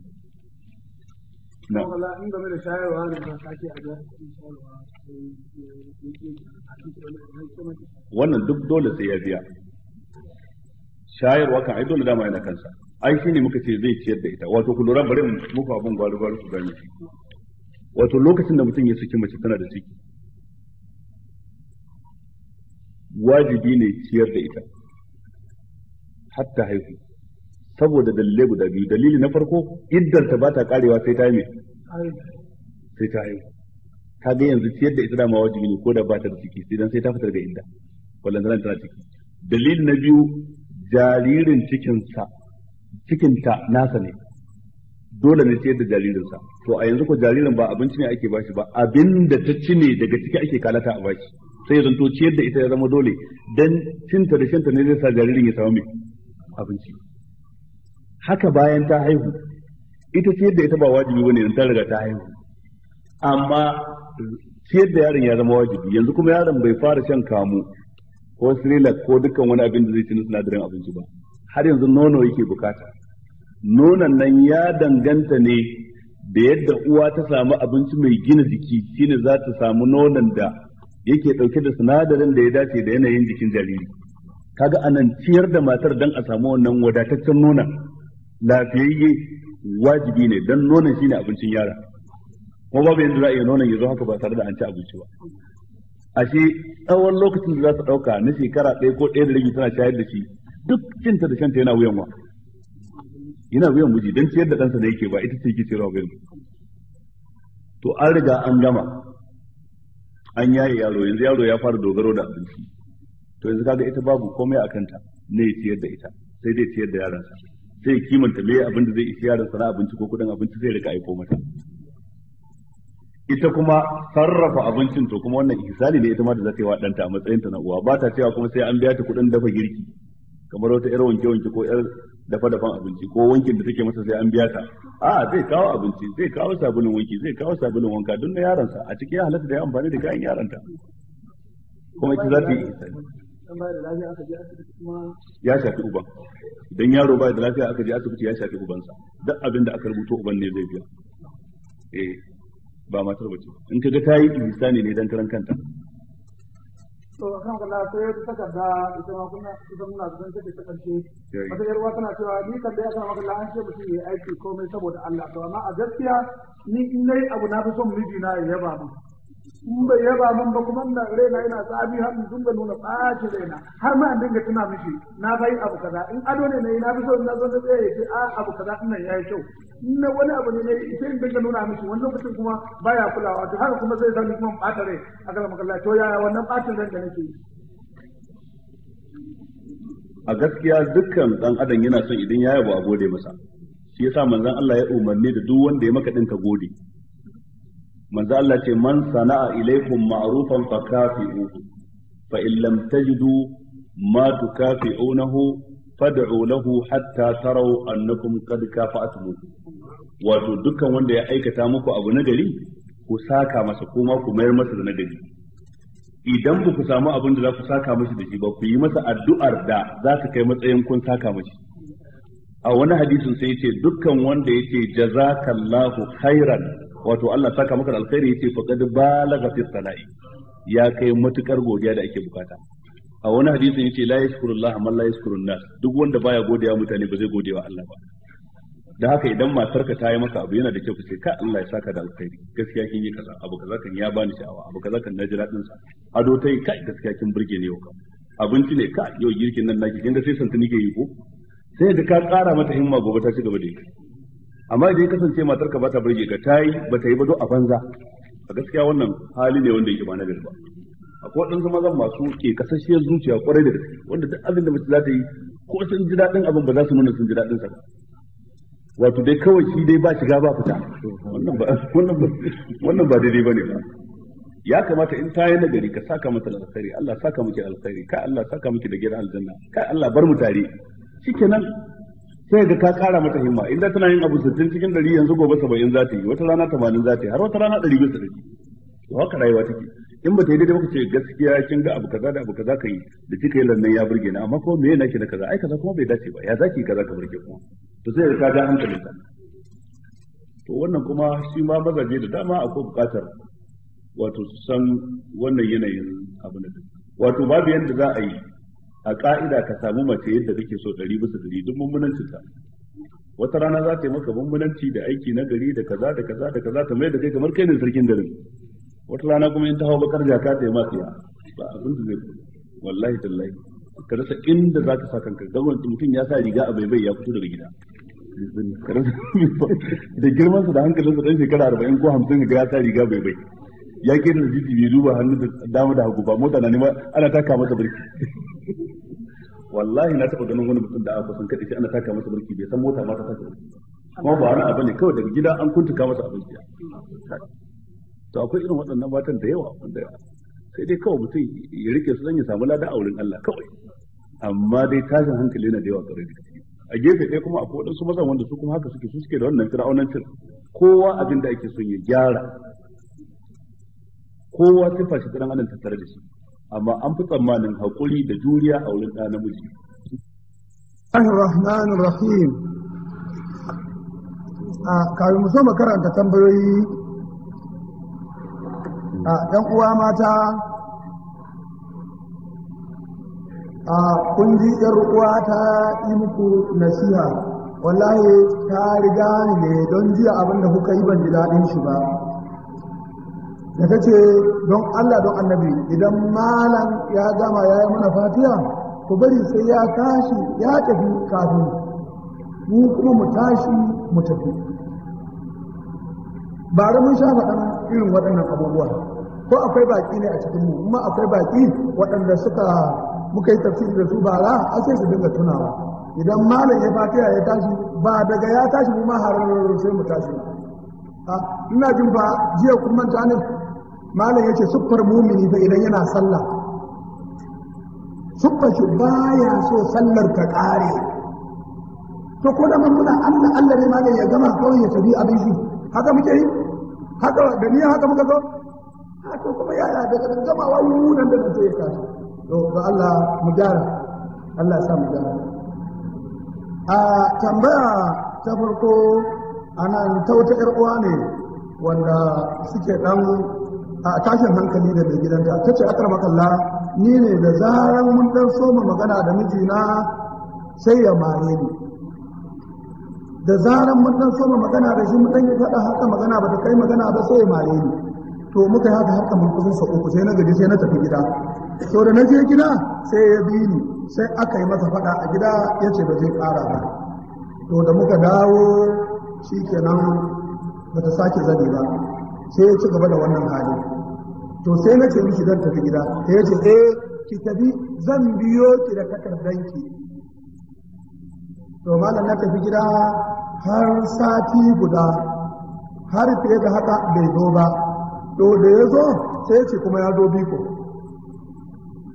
na wala in game da shayarwa da ba sake a ga wannan duk dole sai ya biya shayarwa kan ai dole dama yana kansa ai shine muka ce zai ciyar da ita wato ku lura bare muku abun gwaru gwaru ku gane wato lokacin da mutum ya saki mace tana da ciki wajibi ne ciyar da ita hatta haihu saboda dalilai guda biyu dalili na farko iddarta ba ta karewa sai ta yi sai ta haihu Ta ga yanzu ciyar da ita dama wajibi ne ko da ba ta da ciki sai dan sai ta fitar da inda wallan zan tana ciki dalili na biyu jaririn cikin cikinta nasa ne dole ne ciyar da jaririnsa to a yanzu ko jaririn ba abinci ne ake bashi ba abinda ta ci ne daga ciki ake kalata a bashi sai zanto ciyar da ita ya zama dole dan cinta da shanta ne zai sa jaririn ya samu mai abinci haka bayan ta haihu ita ciyar da ita ba wajibi bane dan ta riga ta haihu amma ciyar da yaron ya zama wajibi yanzu kuma yaron bai fara shan kamu ko sirilac ko dukkan wani abin da zai ci na sinadarin abinci ba har yanzu nono yake bukata nonon nan ya danganta ne da yadda uwa ta samu abinci mai gina jiki shine za ta samu nonon da yake dauke da sinadarin da ya dace da yanayin jikin jariri kaga anan ciyar da matar dan a samu wannan wadataccen nona lafiyayye wajibi ne dan nonon shine abincin yara ko babu yanda za a iya nonon ya zo haka ba tare da an ci abinci ba ashe tsawon lokacin da za su dauka na shekara ɗaya ko ɗaya da rigi tana shayar da shi duk cinta da shanta yana wuyan wa yana wuyan miji dan ciyar da ɗansa da yake ba ita ce yake ciyarwa ba to an riga an gama an yaye yaro yanzu yaro ya fara dogaro da abinci to yanzu kaga ita babu komai a kanta ne ya ciyar da ita sai dai ciyar da yaransa sai kimanta me abin da zai isa yaransa na abinci ko kudin abinci zai rika aiko mata ita kuma sarrafa abincin to kuma wannan ihsani ne ita ma da za ta yi wa ɗanta a matsayinta na uwa ba ta cewa kuma sai an biya ta kuɗin dafa girki kamar wata yar wanke wanke ko yar dafa dafan abinci ko wankin da take masa sai an biya ta a zai kawo abinci zai kawo sabulun wanki zai kawo sabulun wanka don na yaron sa a cikin halatta da ya amfani da kayan yaron ta kuma ita za ta yi ya shafi uban idan yaro ba da lafiya aka je asibiti ya shafi ubansa duk abin da aka rubuto uban ne zai biya eh ba matar bace in kaga ta yi ihsani ne dan karan kanta to kan ta sai ta takarda ita ma kuna ita muna zan take ta kance wata yar uwa tana cewa ni kan dai aka kalla an ce mutum yayi aiki komai saboda Allah to amma a gaskiya ni in nayi abu na fi son miji na ya yaba mu in bai yaba min ba kuma na raina ina tsabi har mun dinga nuna ɓaci raina har ma an dinga tuna mishi na fa yi abu kaza in ado ne na yi na fi so na zo na tsaye ya ce a abu kaza din nan yayi kyau na wani abu ne na yi sai in dinga nuna mishi wani lokacin kuma baya kulawa to haka kuma sai sani kuma ɓata rai a kan makalla to yaya wannan ɓacin rai da nake yi. a gaskiya dukkan dan adam yana son idan ya yabo a gode masa shi yasa manzon Allah ya umarni da duk wanda ya maka ɗinka gode manzo Allah ce man sana'a ilaikum ma'rufan fakafi'uhu fa in lam tajidu ma tukafi'unahu fad'u lahu hatta taraw annakum qad kafa'tum wato dukkan wanda ya aikata muku abu nagari ku saka masa kuma ku mayar masa da nagari idan ku samu abin da za ku saka masa da shi ba ku yi masa addu'ar da za ta kai matsayin kun saka masa a wani hadisin sai yace dukkan wanda yace jazakallahu khairan wato Allah saka maka alkhairi yace kad balagha fi sana'i ya kai matukar godiya da ake bukata a wani hadisi yace la yashkurullaha man la yashkurun nas duk wanda baya godiya mutane ba zai gode wa Allah ba da haka idan matarka ta yi maka abu yana da kyau ce ka Allah ya saka da alkhairi gaskiya kin yi kaza abu kaza kan ya bani sha'awa abu kaza kan naji daɗin sa ado ta yi kai gaskiya kin burge ne yau ka abinci ne ka yau girkin nan naki kin ga sai santa nike yi ko sai da ka ƙara mata himma gobe ta ci gaba da yi amma idan kasance matar ka ba ta burge ka tayi ba ta yi ba zo a banza a gaskiya wannan hali ne wanda yake ba na gari ba akwai waɗansu mazan masu ke kasashiyar zuciya kwarai da gaske wanda duk abin da mace za ta yi ko sun ji daɗin abin ba za su nuna sun ji daɗin sa ba wato dai kawai shi dai ba shiga ba fita wannan ba wannan ba wannan ba daidai bane ba ya kamata in ta yi nagari ka saka mata alkhairi Allah saka miki alkhairi ka Allah saka miki da gidan aljanna ka Allah bar mu tare shikenan sai ga ka kara mata himma inda tana yin abu sittin cikin ɗari yanzu gobe saba'in za ta yi wata rana tamanin za ta yi har wata rana 100 bisa 100 to haka rayuwa take in ba ta yi daidai ba ku ce gaskiya kin ga abu kaza da abu kaza ka yi da kika yi lannan ya burge ni amma ko me yana ki da kaza ai kaza kuma bai dace ba ya zaki kaza ka burge kuma to sai ka ga hankalin ka to wannan kuma shi ma mazaje da dama akwai bukatar wato san wannan yanayin abu na wato babu yadda za a yi a ka'ida ka samu mace yadda kake so ɗari bisa ɗari duk mummunancin ta wata rana za ta yi maka mummunanci da aiki na gari da kaza da kaza da kaza ta mai da kai kamar kai ne sarkin garin wata rana kuma in ta hau bakar jaka ta yi mafiya. ba abin da zai wallahi tallahi ka rasa inda za ka sa kanka gaban mutum ya sa riga a baibai ya fito daga gida da girmansa da hankalinsa dan shekara arba'in ko hamsin ga ya sa riga baibai ya kira da jiki bai duba hannu da dama da hagu ba mota na nema ana taka masa birki wallahi na taɓa ganin wani mutum da aka kusan kaɗe shi ana taka masa birki bai san mota ma ta taka birki kuma ba wani abu ne kawai daga gida an kuntuka masa abin jiya to akwai irin waɗannan matan da yawa wanda sai dai kawai mutum ya rike su zan ya samu lada a wurin Allah kawai amma dai tashin hankali yana da yawa ƙwarai a gefe ɗaya kuma akwai waɗansu mazan wanda su kuma haka suke su suke da wannan fir'aunancin kowa abin da ake son ya gyara kowa sifa shi dan adam tattare da shi amma an fi tsammanin hakuri da juriya a wurin ɗan namiji Ar-Rahman Rahim a kafin mu so mu karanta tambayoyi a ɗan uwa mata a kun ji yar uwa ta yi muku nasiha wallahi ta riga ne don jiya abin da kuka yi ban ji daɗin shi ba da ce don Allah don annabi idan malam ya gama ya yi mana fatiya, ku bari sai ya tashi ya tafi kafin mu kuma mu tashi mu tafi bari mun sha irin waɗannan abubuwa ko akwai baƙi ne a cikinmu kuma akwai baƙi waɗanda suka muka yi tafsiri da su bara a sai su dinga tunawa idan malam ya fatiya ya tashi ba daga ya tashi mu ma har sai mu tashi ah, ina jin ba jiya kun manta ne malam ya ce siffar mumini fa idan yana sallah siffar shi baya so sallar ta ƙare to ko da muna Allah Allah ne malam ya gama kawai ya tafi abin shi haka muke yi haka da ni haka muka zo to kuma yaya daga gamawa wunan da nace ya to ga Allah mu gyara Allah ya sa mu gyara a tambaya ta farko anan tauta ƴar uwa ne wanda suke dan a tashin hankali da mai gidanta ta ce makalla ni ne da zarar mun dan soma magana da mijina sai ya mare ni da zarar mun dan soma magana da shi mun dan yi faɗa haka magana ba ta kai magana ba sai ya mare ni to muka haka haka mun kusa sa uku sai na gaji sai na tafi gida to da na je gida sai ya bi ni sai aka yi masa faɗa a gida ya ce ba zai ƙara ba to da muka dawo shikenan ba ta sake zani ba sai ya ci gaba da wannan hali to sai na ce miki zan tafi gida Ta ya ce eh ki tafi zan biyo ki da ki to malam na tafi gida har sati guda har fiye da haka bai zo ba to da ya zo sai ce kuma ya zo biko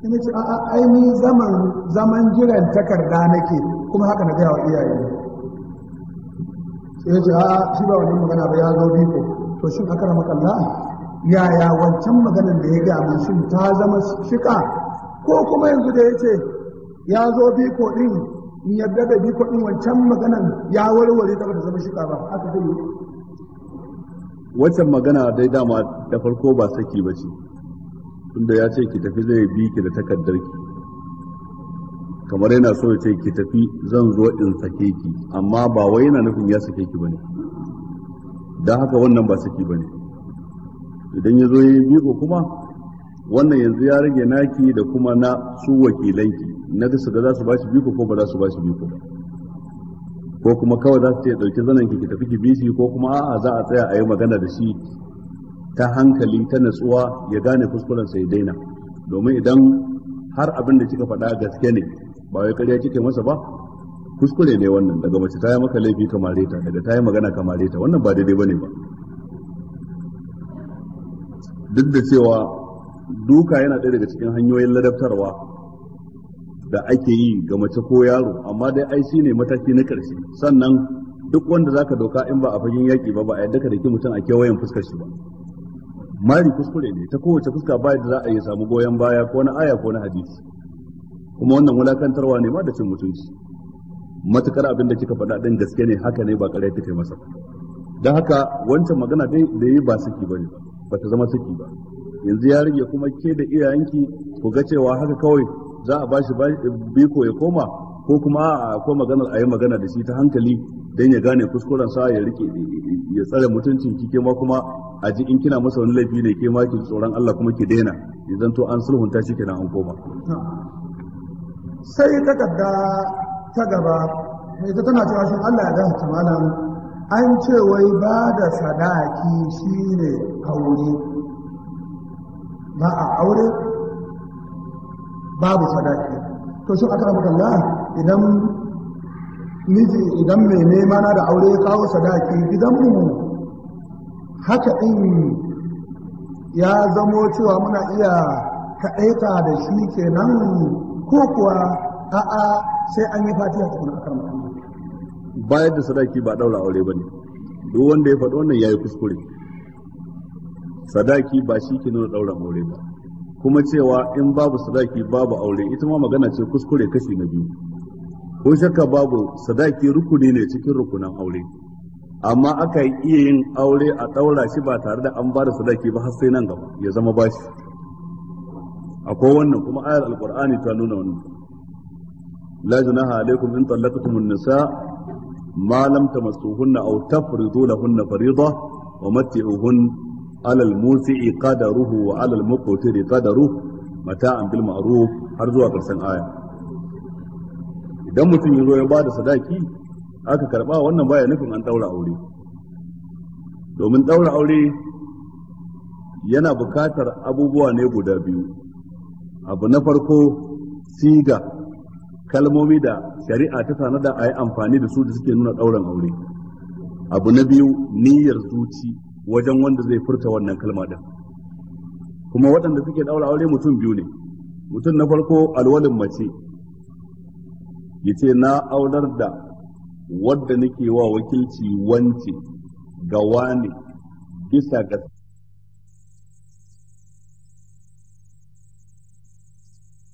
ina ce a'a ai ni zaman zaman jiran takarda nake kuma haka na gaya wa iyaye sai ya ce a'a shi ba wani magana ba ya zo biko to shin aka ramu Allah yaya wancan maganar da ya ga mashin ta zama shika ko kuma yanzu da ya ce ya zo biko ɗin in yarda da biko ɗin wancan maganar ya warware ta zama shika ba haka zai yi wancan magana dai dama da farko ba saki ba ce tunda ya ce ki tafi zai bi ki da takardar ki kamar yana so ya ce ki tafi zan zo in sake ki amma ba wai yana nufin ya sake ki bane don haka wannan ba saki bane idan ya zo ya yi miko kuma wannan yanzu ya rage naki da kuma na su wakilanki na ga su ga za su ba shi biko ko ba za su ba shi biko ko kuma kawai za su ce dauki zanen ki ki tafi ki bishi ko kuma a'a za a tsaya a yi magana da shi ta hankali ta natsuwa ya gane kuskuren sai daina domin idan har abin da kika faɗa gaske ne ba wai ƙarya kike masa ba kuskure ne wannan daga mace ta yi maka laifi kamar ta daga ta yi magana kamar ta wannan ba daidai bane ba duk da cewa duka yana ɗaya daga cikin hanyoyin ladabtarwa da ake yi ga mace ko yaro amma dai ai shi ne mataki na ƙarshe sannan duk wanda zaka doka in ba a fagen yaƙi ba ba a yadda ka daki mutum a kewayen fuskar shi ba mari kuskure ne ta kowace fuska ba da za a yi samu goyon baya ko na aya ko na hadisi kuma wannan wulakantarwa ne ma da cin mutunci matukar abin da kika faɗa ɗin gaske ne haka ne ba ƙarya kike masa don haka wancan magana dai da yi ba saki bane ba ta zama saki ba yanzu ya rage kuma ke da iyayenki ku ga cewa haka kawai za a bashi biko ya koma ko kuma a ko maganar a yi magana da shi ta hankali don ya gane kuskuren sa ya rike ya tsare mutuncin ki ma kuma a ji in kina masa wani laifi ne ke ma ki tsoron Allah kuma ki daina idan to an sulhunta shi kenan an koma sai takarda ta gaba mai ta tana cewa shi Allah ya gasa malam an ce wai ba da sadaki shine aure ba a aure babu sadaki to shi aka rabu kalla idan miji idan mai nema na da aure ya kawo sadaki mu haka ɗin ya zamo cewa muna iya kaɗaita da shi kenan ko kuwa a'a sai an yi fatiha kuma a karmar bayar da sadaki ba ɗaura aure ba ne duk wanda ya faɗo wannan ya yi kuskure sadaki ba shi ke nuna ɗaura aure ba kuma cewa in babu sadaki babu aure ita ma magana ce kuskure kashi na biyu ko shakka babu sadaki rukuni ne cikin rukunan aure amma aka iya yin aure a ɗaura shi ba tare da an ba da sadaki ba har sai nan gaba ya zama bashi akwai wannan kuma ayar alkur'ani ta nuna wannan la junaha alaikum in tallaqtumun nisa ma lam tamassuhunna aw tafridu lahunna fariida wa matti'uhunna alal musi'i qadaruhu wa alal muqtiri qadaruhu mata'an bil ma'ruf har zuwa ƙarshen aya idan mutum ya ya bada sadaki aka karba wannan baya nufin an daura aure domin daura aure yana bukatar abubuwa ne guda biyu abu na farko siga kalmomi da shari'a ta tanada a yi amfani da su da suke nuna ɗauran aure abu na biyu niyyar zuci wajen wanda zai furta wannan kalma din kuma waɗanda suke ɗaura aure mutum biyu ne mutum na farko alwalin mace yace na aurar da wadda nake wa wakilci wance ga wane bisa ga